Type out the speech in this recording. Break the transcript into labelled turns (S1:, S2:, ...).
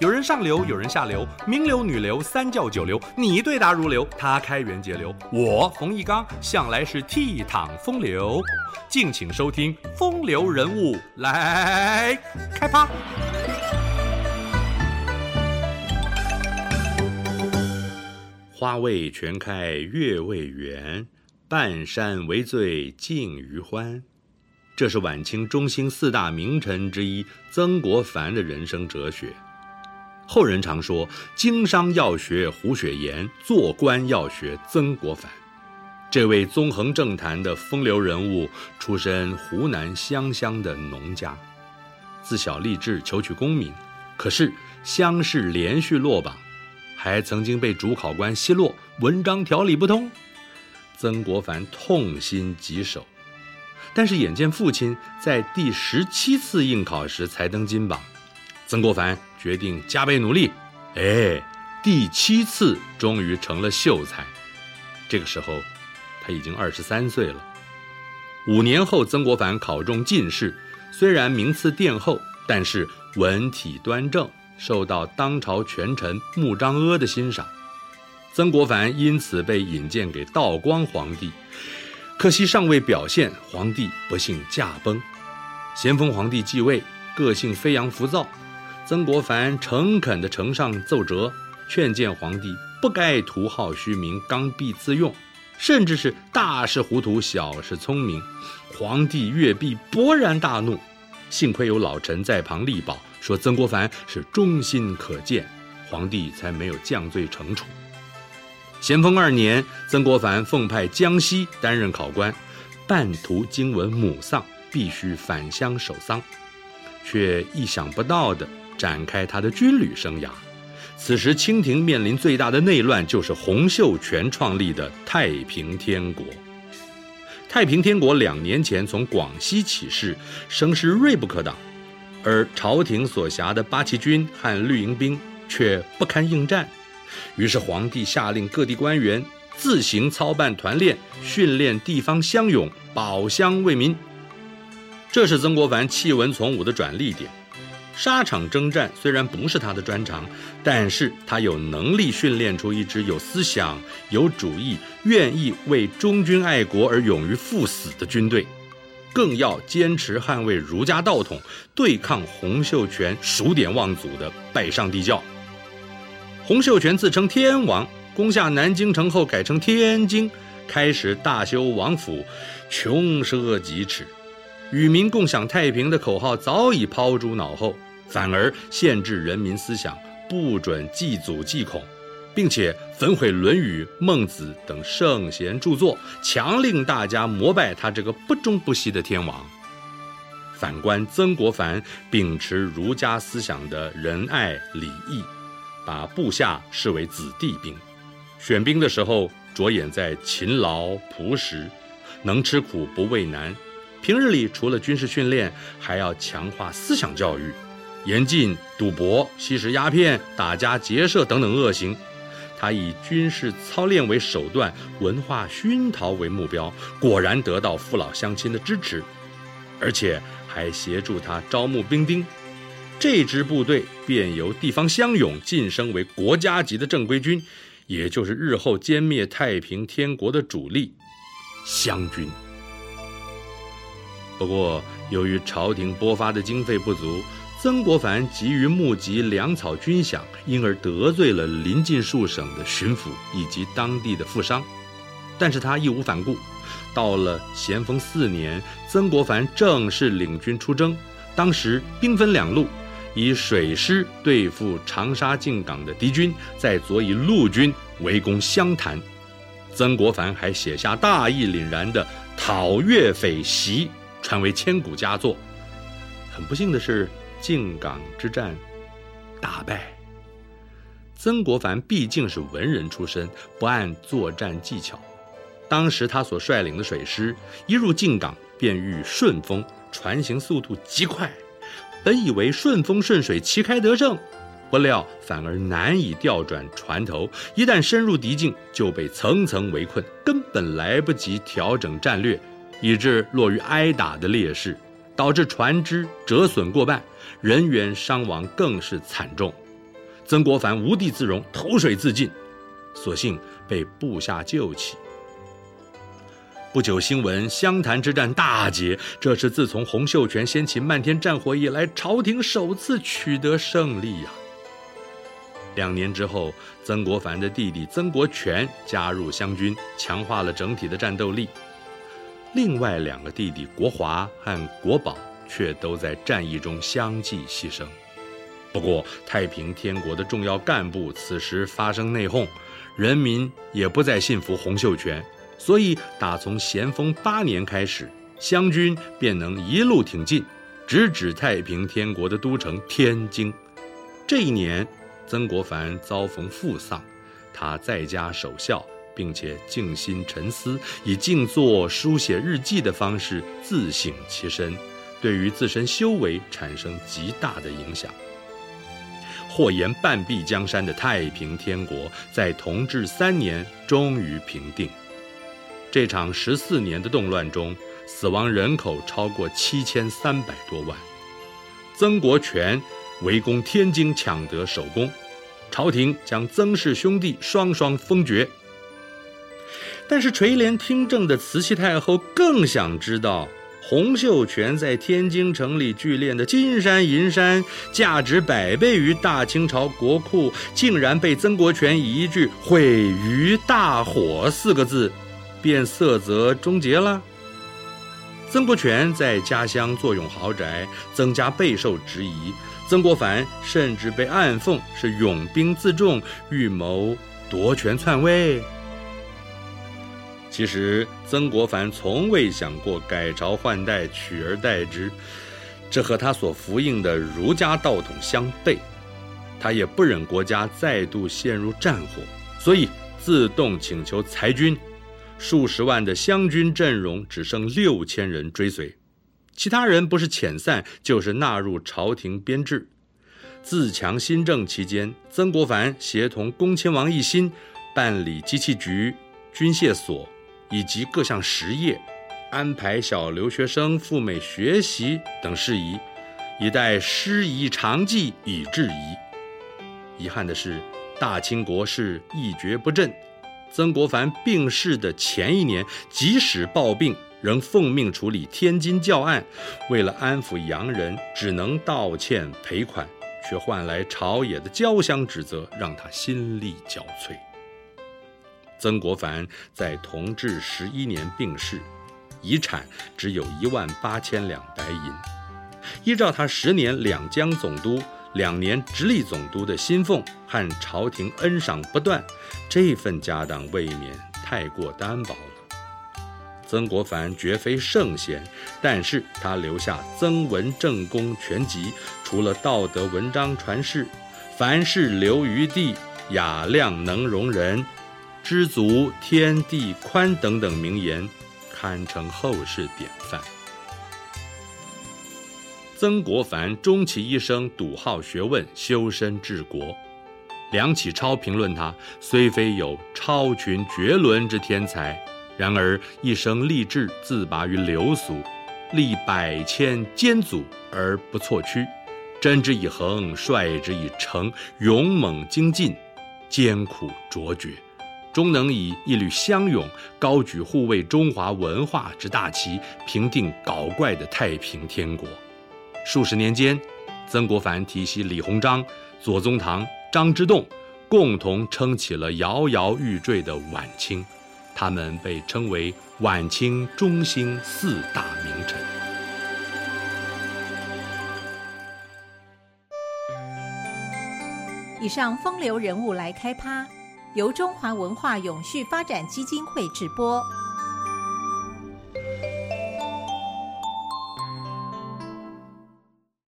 S1: 有人上流，有人下流，名流、女流、三教九流，你對答如流，他開源節流，我馮翊綱向來是倜儻風流。敬請收聽《風流人物》來，來開趴。花未全開月未圓，半山微醉盡餘歡。這是晚清中興四大名臣之一曾國藩的人生哲學。後人常說，經商要學胡雪巖，做官要學曾國藩。這位縱橫政壇的風流人物，出身湖南湘鄉，鄉的農家，自小立志求取功名，可是鄉試連續落榜，還曾經被主考官奚落，文章條理不通。曾國藩痛心疾首，但是眼見父親在第十七次應考時才登金榜。曾國藩決定加倍努力，哎，第七次終於成了秀才。這個時候，他已經二十三歲了。五年後，曾國藩考中進士，雖然名次殿後，但是文體端正，受到當朝權臣穆彰阿的欣賞。曾國藩因此被引薦給道光皇帝，可惜尚未表現，皇帝不幸駕崩。咸豐皇帝繼位，個性飛揚浮躁。曾國藩誠懇地呈上奏摺，勸諫皇帝不該圖好虛名、剛愎自用，甚至是大事糊塗、小事聰明。皇帝閱畢，勃然大怒。幸虧有老臣在旁力保，說曾國藩是忠心可鑑，皇帝才沒有降罪懲處。咸豐二年，曾國藩奉派江西擔任考官，半途驚聞母喪，必須返鄉守喪，卻意想不到的，展開他的軍旅生涯。此時，清廷面臨最大的內亂，就是洪秀全創立的太平天國。太平天國兩年前從廣西起事，聲勢銳不可擋，而朝廷所轄的八旗軍和綠營兵卻不堪應戰。於是，皇帝下令各地官員自行操辦團練，訓練地方鄉勇，保鄉衛民。這是曾國藩棄文從武的轉捩點。沙場征戰雖然不是他的專長，但是他有能力訓練出一支有思想、有主義、願意為忠君愛國而勇於赴死的軍隊，更要堅持捍衛儒家道統，對抗洪秀全數典忘祖的拜上帝教。洪秀全自稱天王，攻下南京城後改成天京，開始大修王府，窮奢極侈，與民共享太平的口號早已拋諸腦後。反而限制人民思想，不准祭祖祭孔，並且焚毀《論語》《孟子》等聖賢著作，強令大家膜拜他這個不忠不孝的天王。反觀曾國藩，秉持儒家思想的仁愛禮義，把部下視為子弟兵，選兵的時候着眼在勤勞樸實，能吃苦不畏難。平日裡除了軍事訓練，還要強化思想教育。嚴禁賭博、吸食鴉片、打家劫舍等等惡行，他以軍事操練為手段，文化熏陶為目標，果然得到父老鄉親的支持，而且還協助他招募兵丁，這支部隊便由地方鄉勇晉升為國家級的正規軍，也就是日後殲滅太平天國的主力，湘軍。不過，由於朝廷撥發的經費不足。曾國藩急於募集糧草軍餉，因而得罪了臨近數省的巡撫以及當地的富商，但是他義無反顧。到了咸豐四年，曾國藩正式領軍出征，當時兵分兩路，以水師對付長沙靖港的敵軍，再佐以陸軍圍攻湘潭。曾國藩還寫下大義凜然的《討粵匪檄》，傳為千古佳作。很不幸的是。靖港之戰，大敗。曾國藩畢竟是文人出身，不諳作戰技巧。當時他所率領的水師一入靖港，便遇順風，船行速度極快。本以為順風順水，旗開得勝，不料反而難以調轉船頭。一旦深入敵境，就被層層圍困，根本來不及調整戰略，以致落於挨打的劣勢。導致船隻折損過半，人員傷亡更是慘重。曾國藩無地自容，投水自盡，所幸被部下救起。不久，欣聞湘潭之戰大捷，這是自從洪秀全掀起漫天戰火以來，朝廷首次取得勝利呀、啊。兩年之後，曾國藩的弟弟曾國荃加入湘軍，強化了整體的戰鬥力。另外兩個弟弟國華和國寶卻都在戰役中相繼犧牲。不過太平天國的重要幹部此時發生內訌，人民也不再信服洪秀全，所以打從咸豐八年開始，湘軍便能一路挺進，直指太平天國的都城天京。這一年，曾國藩遭逢父喪，他在家守孝。並且靜心沉思，以靜坐、書寫日記的方式自省其身，對於自身修為產生極大的影響。禍延半壁江山的太平天國，在同治三年終於平定。這場十四年的動亂中，死亡人口超過七千三百多萬。曾國荃圍攻天京，搶得首功，朝廷將曾氏兄弟雙雙封爵。但是垂簾聽政的慈禧太后更想知道，洪秀全在天京城裡聚斂的金山銀山，價值百倍於大清朝國庫，竟然被曾國荃一句“毀於大火”四個字，便色澤終結了。曾國荃在家鄉坐擁豪宅，曾家備受質疑，曾國藩甚至被暗諷是擁兵自重，預謀奪權篡位。其實，曾國藩從未想過改朝換代、取而代之，這和他所服膺的儒家道統相悖。他也不忍國家再度陷入戰火，所以自動請求裁軍，數十萬的湘軍陣容只剩六千人追隨，其他人不是遣散，就是納入朝廷編制。自強新政期間，曾國藩協同恭親王奕欣辦理機器局、軍械所。以及各項實業，安排小留學生赴美學習等事宜，以待師夷長技以制夷。遺憾的是，大清國勢一蹶不振。曾國藩病逝的前一年，即使抱病，仍奉命處理天津教案。為了安撫洋人，只能道歉賠款，卻換來朝野的交相指責，讓他心力交瘁。曾國藩在同治十一年病逝，遺產只有一萬八千兩白銀。依照他十年兩江總督、兩年直隸總督的薪俸和朝廷恩賞不斷，這份家當未免太過單薄了。曾國藩絕非聖賢，但是他留下《曾文正公全集》，除了道德文章傳世，凡事留餘地，雅量能容人，知足天地寬等等名言，堪稱後世典範。曾國藩終其一生篤好學問，修身治國。梁啟超評論他，雖非有超群絕倫之天才，然而一生立志自拔於流俗，歷百千艱阻而不挫屈，貞之以恆，帥之以誠，勇猛精進，艱苦卓絕。終能以一旅鄉勇高舉護衛中華文化之大旗，平定搞怪的太平天國。數十年間，曾國藩提攜李鴻章、左宗棠、張之洞，共同撐起了搖搖欲墜的晚清。他們被稱為晚清中興四大名臣。以上風流人物來開趴。由中華文化永續發展基金會直播。